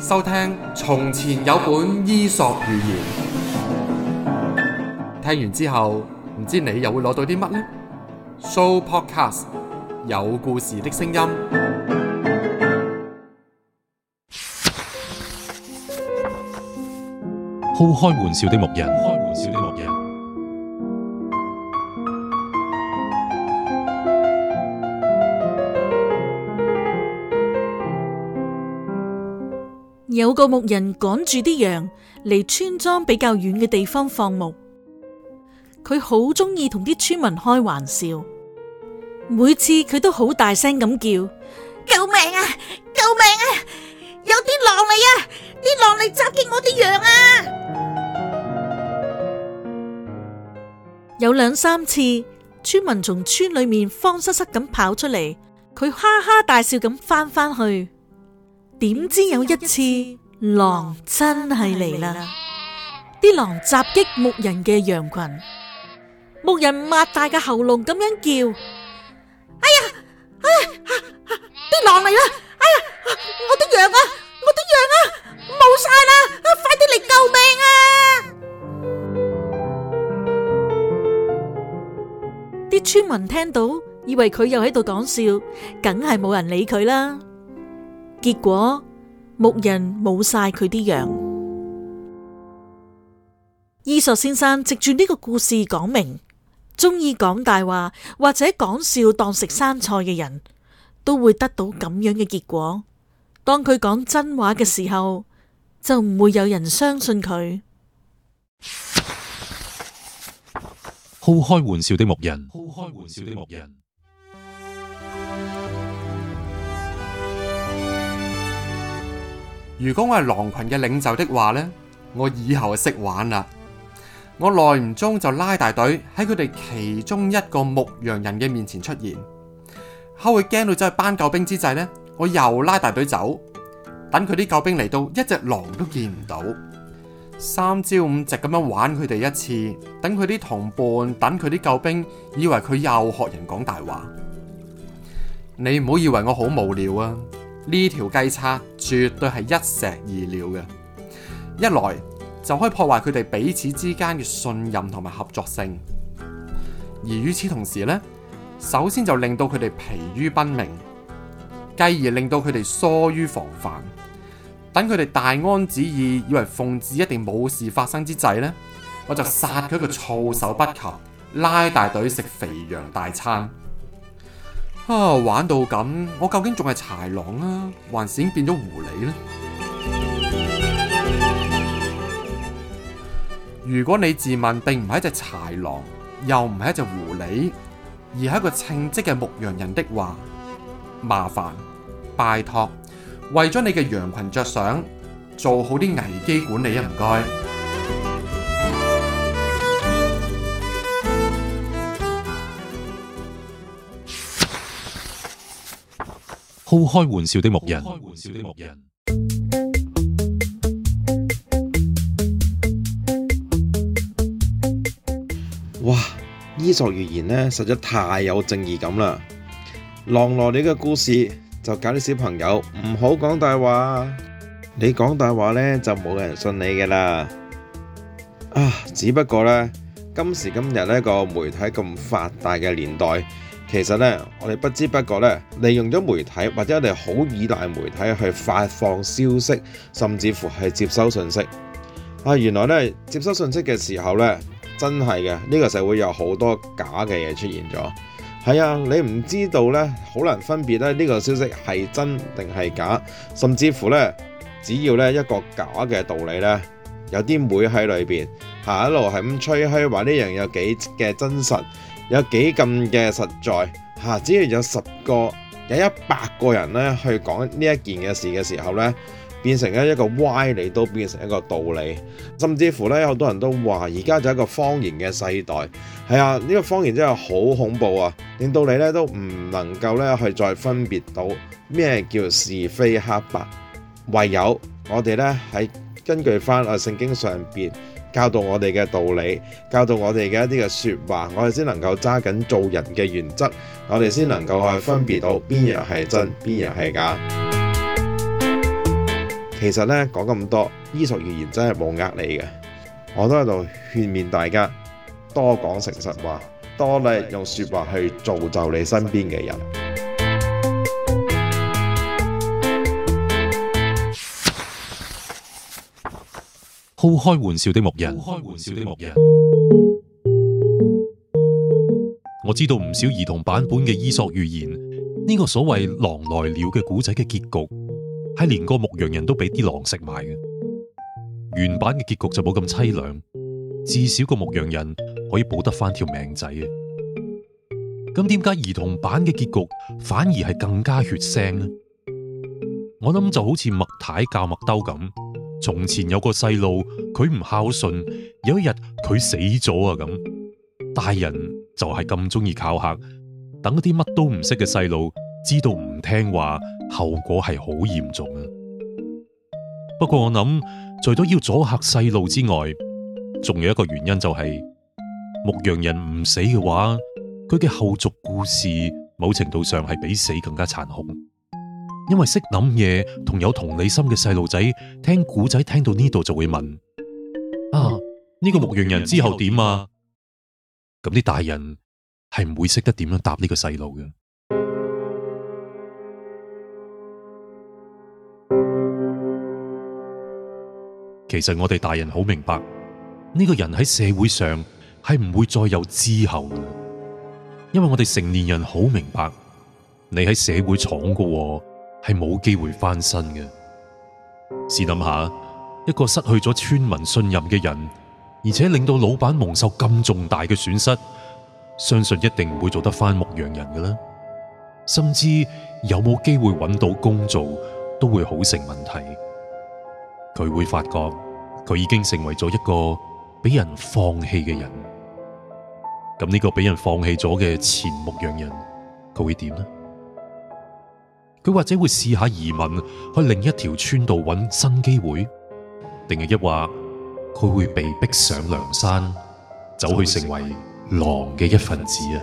收聽從前有本伊索寓言，聽完之後唔知你又會攞到啲乜呢？Sooopodcast 有故事的聲音，好開玩笑的牧人，開玩笑的牧人。有個牧人趕住啲羊離村莊比較遠嘅地方放牧，佢好中意同啲村民開玩笑。每次佢都好大聲咁叫，救命啊！救命啊！有啲狼嚟啊！啲狼嚟襲擊我啲羊啊！有兩三次，村民從村裏面慌失失咁跑出嚟，佢哈哈大笑咁返返去。點知有一次，狼真係嚟啦！啲狼襲擊牧人嘅羊群，牧人擘大個喉嚨咁樣叫：哎呀，哎呀，啲狼嚟啦！哎呀，我啲羊啊，我啲羊啊，冇晒啦！快啲嚟救命啊！啲村民聽到，以為佢又喺度講笑，梗係冇人理佢啦。結果牧人冇晒佢啲羊。伊索先生藉住呢個故事講明，鍾意講大話或者講笑當食生菜嘅人都會得到咁樣嘅結果。當佢講真話嘅時候，就唔會有人相信佢。好開玩笑的牧人，好開玩笑的牧人。如果我係狼群嘅領袖的話呢，我以後就識玩啦。我耐唔中就拉大隊喺佢哋其中一個牧羊人嘅面前出現，嚇佢驚到真係班救兵之際呢，我又拉大隊走，等佢啲救兵嚟到，一隻狼都見唔到。三朝五夕咁樣玩佢哋一次，等佢啲同伴，等佢啲救兵，以為佢又學人講大話。你唔好以為我好無聊啊！呢條計策絕對係一石二鳥嘅，一來就可以破壞佢哋彼此之間嘅信任同埋合作性，而與此同時呢，首先就令到佢哋疲於奔命，繼而令到佢哋疏於防範。等佢哋大安旨意，以為奉旨一定冇事發生之際呢，我就殺佢一個措手不及，拉大隊食肥羊大餐。啊！玩到咁，我究竟仲係豺狼啊，還是已經變咗狐狸呢？如果你自問並唔係一隻豺狼，又唔係一隻狐狸，而係一個稱職嘅牧羊人的話，麻煩，拜託，為咗你嘅羊群着想，做好啲危機管理啊，唔該。好開玩笑的牧人，哇！伊索寓言呢，實在太有正義感啦！狼來你嘅故事就教啲小朋友唔好講大話，你講大話呢，就冇人信你嘅啦。啊，只不過呢，今時今日呢個媒體咁發達嘅年代。其實呢，我哋不知不覺呢，利用咗媒體，或者我哋好依賴媒體去發放消息，甚至乎係接收信息。啊，原來呢，接收信息嘅時候呢，真係嘅，呢個社會有好多假嘅嘢出現咗。係啊，你唔知道呢，好難分別咧呢個消息係真定係假，甚至乎呢，只要呢一個假嘅道理呢，有啲會喺裏邊，下一路係咁吹噓話呢樣有幾嘅真實。有幾咁嘅實在嚇、啊？只要有十個，有一百個人咧去講呢一件嘅事嘅時候咧，變成咧一個歪理都變成一個道理。甚至乎咧，好多人都話：而家就係一個謊言嘅世代。係啊，呢、這個謊言真係好恐怖啊！令到你咧都唔能夠咧去再分別到咩叫是非黑白。唯有我哋咧喺根據返啊聖經上面。教導我哋嘅道理，教導我哋嘅一啲嘅說話，我哋先能夠揸緊做人嘅原則，我哋先能夠去分別到邊樣係真，邊樣係假。 其實呢，講咁多，伊索寓言真係冇呃你嘅，我都喺度勸勉大家多講誠實話，多利用說話去造就你身邊嘅人。好開玩笑的牧人，好開玩笑的牧人。我知道唔少兒童版本嘅伊索寓言，呢個所謂狼來了嘅古仔嘅結局，係連個牧羊人都俾啲狼食埋。原版嘅結局就冇咁淒涼，至少個牧羊人可以保得翻條命仔啊。咁點解兒童版嘅結局反而係更加血腥咧？我諗就好似麥太教麥兜咁。從前有個細路，佢唔孝順，有一日佢死咗啊！咁大人就係咁鍾意靠嚇，等嗰啲乜都唔識嘅細路知道唔聽話，後果係好嚴重啊！不過我諗，除咗要阻嚇細路之外，仲有一個原因就係、是、牧羊人唔死嘅話，佢嘅後續故事某程度上係比死更加殘酷。因為識諗嘢同有同理心嘅細路仔，聽古仔聽到呢度就會問：啊，呢個牧羊人之後點啊？咁啲大人係唔會識得點樣答呢個細路嘅。其實我哋大人好明白，呢個人喺社會上係唔會再有之後嘅，因為我哋成年人好明白，你喺社會闖嘅。係冇機會翻身嘅。試諗下，一個失去咗村民信任嘅人，而且令到老闆蒙受咁重大嘅損失，相信一定唔會做得翻牧羊人嘅啦。甚至有冇機會搵到工做，都會好成問題。佢會發覺佢已經成為咗一個俾人放棄嘅人。咁呢個俾人放棄咗嘅前牧羊人，佢會點呢？佢或者會試下移民去另一條村度揾新機會，定係抑或佢會被逼上梁山，走去成為狼嘅一份子啊！